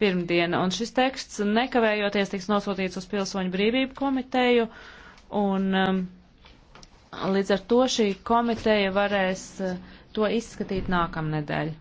pirmdiena, un šis teksts nekavējoties tiks nosūtīts uz Pilsoņu brīvību komiteju, un um, līdz ar to šī komiteja varēs uh, to izskatīt nākamnedēļ.